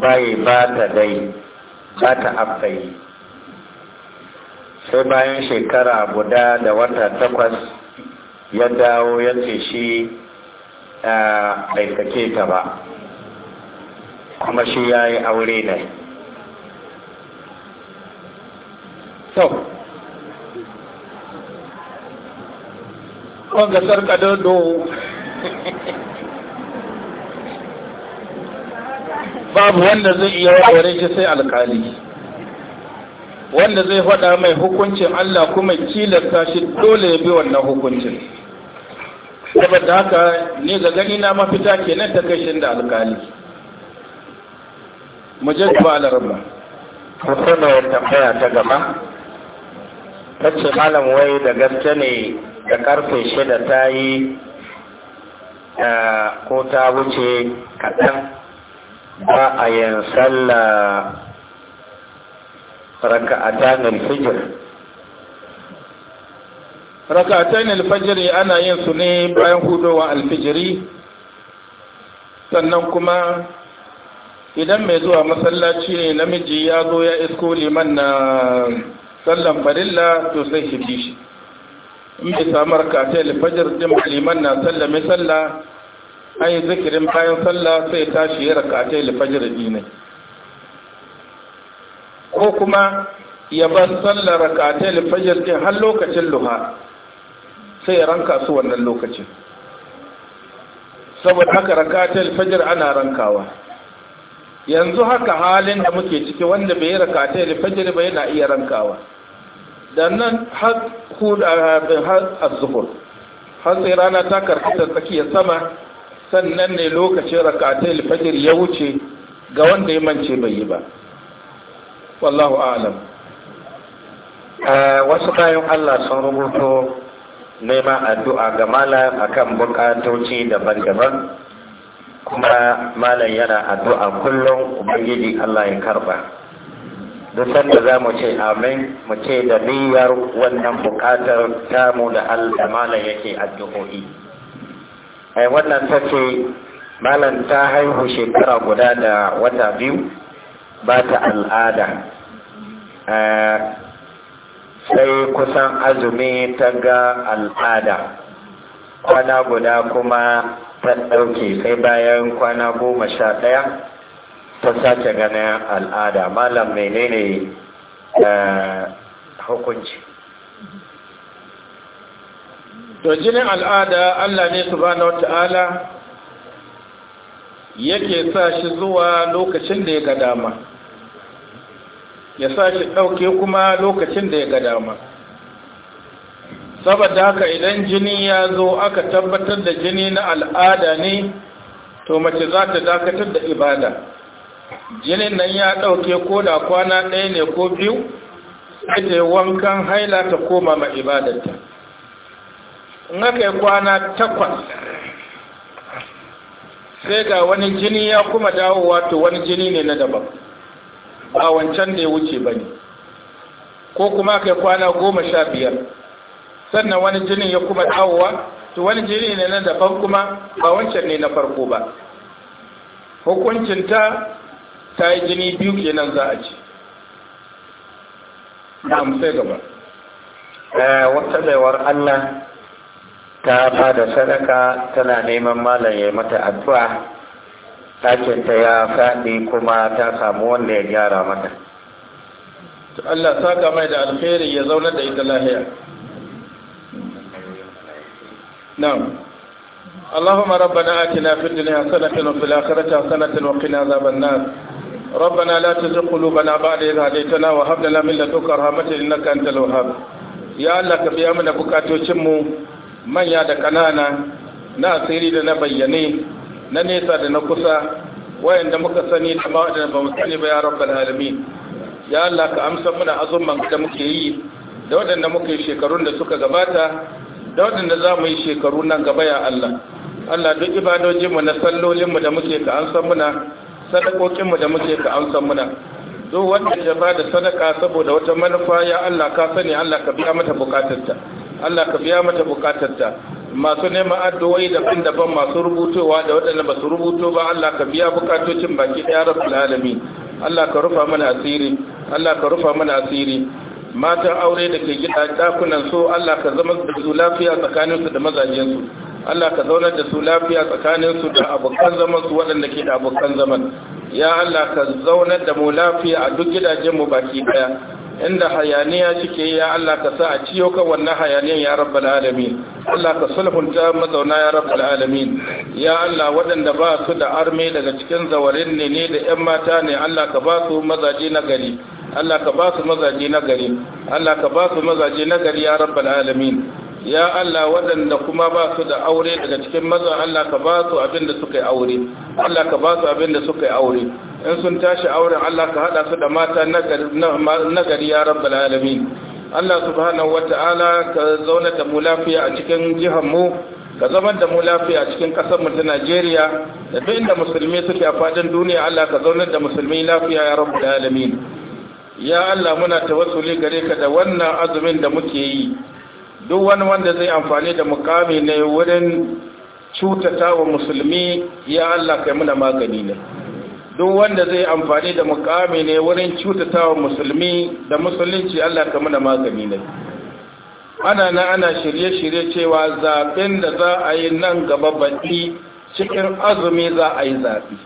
bai ba ta dai ba ta sai bayan shekara guda da wata takwas ya dawo ya ce shi bai sake ta ba kuma shi ya yi aure ne to wanga sarka dodo babu wanda zai iya warware shi sai alkali wanda zai faɗa mai hukuncin Allah kuma kilasta shi dole ya bi wannan hukuncin saboda haka ne ga gani na mafita kenan ta kai da alkali mu je ba alarba. Kuma tambaya ta gaba ta ce malam wai da gaske ne da karfe shida ta yi eh, ko ta wuce kaɗan ba a yin sallah raka alfijir raka'atan alfijiri ana yin su ne bayan hudowa alfijiri sannan kuma idan mai zuwa masallaci ne namiji ya zo ya isko liman na sallan barilla to sai shi bi shi in bai ka rakata alfajir din maliman na sallame sallah an yi zikirin bayan sallah sai tashi ya rakata alfajir dinai ko kuma ya bar sallar rakata alfajir din har lokacin luha sai ya ranka su wannan lokacin saboda haka rakata alfajir ana rankawa yanzu haka halin da muke ciki wanda bai yi rakata alfajir ba yana iya rankawa da nan ah, har az-zuhur har sai rana ta karkata tsakiya sama sannan ne lokacin rakatai fajr ya wuce ga wanda ya mance bai yi ba wallahu a'lam eh, wasu bayan Allah sun rubuto neman addu'a ga malam akan bukatoci daban-daban kuma malam yana addu'a kullum ubangiji Allah ya karba duk sanda za mu ce amin mu ce da niyyar wannan bukatar tamu da al'amala yake addu'o'i ai eh, wannan ta ce malam ta haihu shekara guda da wata biyu ba ta al'ada eh, sai kusan azumi ta ga al'ada kwana guda kuma ta ɗauke sai bayan kwana goma sha ɗaya ta sace ganin al'ada malam menene eh, hukunci to jinin al'ada Allah ne subhanahu wata'ala yake sa shi zuwa lokacin da ya ga dama ya sa shi ɗauke kuma lokacin da ya ga dama saboda haka idan jini ya zo aka tabbatar da jini na al'ada ne to mace za ta dakatar da ibada jinin nan ya ɗauke ko da kwana ɗaya ne ko biyu sai ta wankan haila ta koma ma ibadarta in aka yi kwana takwas sai ga wani jini ya kuma dawo to wani jini ne na daban ba wancan da ya wuce ba ne ko kuma aka yi kwana goma sha biyar sannan wani jinin ya kuma dawowa to wani jini ne na daban kuma ba wancan ne na farko ba hukuncinta ta yi jini biyu kenan za a ci sai gaba eh, wata baiwar allah ta ba da sadaka tana neman malam ya mata addu'a ɗakinta ya faɗi kuma ta samu wanda ya gyara mata Allah saka mai da alheri ya zauna da ita lahiya na'am اللهم ربنا آتنا في الدنيا حسنة وفي الآخرة حسنة وقنا عذاب النار ربنا لا تزغ قلوبنا بعد إذ هديتنا وهب لنا من لدنك رحمة إنك أنت الوهاب يا الله كبيا من بكاتوچin mu manya da kanana na asiri da na bayyane na nesa da na kusa wayanda muka sani da ba da ba mu sani ba ya rabbal alamin ya Allah ka amsa mana azumman da muke yi da waɗanda muka shekarun da suka gabata da waɗanda za mu yi shekaru nan gaba ya Allah Allah duk ibadojinmu na sallolinmu da muke ka an muna sadakokinmu da muke ka amsa muna duk wanda ya ba da sadaka saboda wata manufa ya Allah ka sani Allah ka biya mata bukatarta Allah ka biya mata bukatarta masu neman addu'o'i da daban-daban masu rubutowa da waɗanda ba su rubuto ba Allah ka biya bukatocin baki ɗaya rabbul alamin Allah ka rufa mana asiri Allah ka rufa mana asiri matan aure da ke gida dakunan su Allah ka zama da su lafiya tsakaninsu da mazajensu Allah ka zaunar da su lafiya tsakanin su da abokan zaman su waɗanda ke da abokan zaman ya Allah ka zaunar da mu lafiya a duk gidajen mu baki daya inda hayaniya cike ya Allah ka sa a ciyo kan wannan hayaniyan ya rabbal alamin Allah ka sulhunta mazauna ya rabbal alamin ya Allah waɗanda ba su da arme daga cikin zawarin ne ne da ƴan mata ne Allah ka ba su mazaje na gari Allah ka ba su mazaje na gari Allah ka ba su mazaje na gari ya rabbal alamin ya Allah waɗanda kuma ba su da aure daga cikin maza Allah ka ba su abin da suka yi aure Allah ka ba su abin da suka yi aure in sun tashi auren Allah ka haɗa su da mata nagari ya rabbal alamin Allah subhanahu wata'ala ka zauna da mu lafiya a cikin jihar mu ka zama da mu lafiya a cikin ƙasar mu ta Najeriya da duk da musulmi suke a fadin duniya Allah ka zauna da musulmi lafiya ya rabbal alamin ya Allah muna tawassuli gare ka da wannan azumin da muke yi duk wani wanda zai amfani da mukami ne wurin cutata wa musulmi ya Allah kai muna magani ne duk wanda zai amfani da mukami ne wurin cutata wa musulmi da musulunci Allah kai muna magani ne ana na ana shirye-shirye cewa zaɓen da za a yi nan gaba baɗi cikin azumi za a yi zaɓi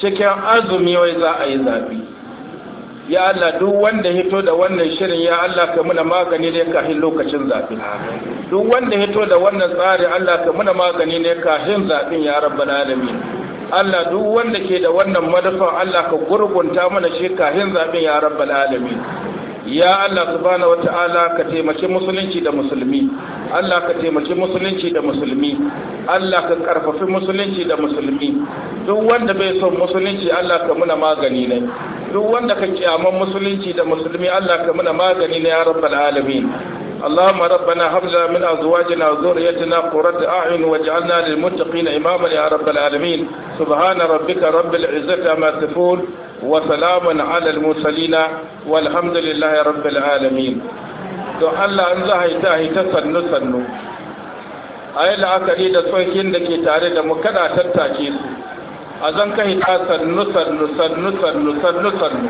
cikin azumi wai za a yi zaɓi ya Allah duk wanda hito da wannan shirin ya Allah ka muna magani ne kafin lokacin zafi duk wanda hito da wannan tsari Allah ka muna magani ne kafin zafin ya rabbal alamin Allah duk wanda ke da wannan madafa Allah ka gurgunta mana shi kafin zafin ya rabbal alamin ya Allah subhanahu wata'ala ka taimaki musulunci da musulmi Allah ka taimaki musulunci da musulmi Allah ka karfafi musulunci da musulmi duk wanda bai son musulunci Allah ka muna magani ne duk wanda ka kiyaman musulunci da musulmi Allah ka muna magani ne ya rabbal alamin اللهم ربنا هب لنا من ازواجنا وذريتنا قرة اعين واجعلنا للمتقين اماما يا رب العالمين سبحان ربك رب العزة عما يصفون وسلام على المرسلين والحمد لله رب العالمين don Allah an za haita haita sannu-sannu a yi la'akari da tsohon da ke tare da mu kada tattake su a zan ka hita sannu sannu-sannu sannu-sannu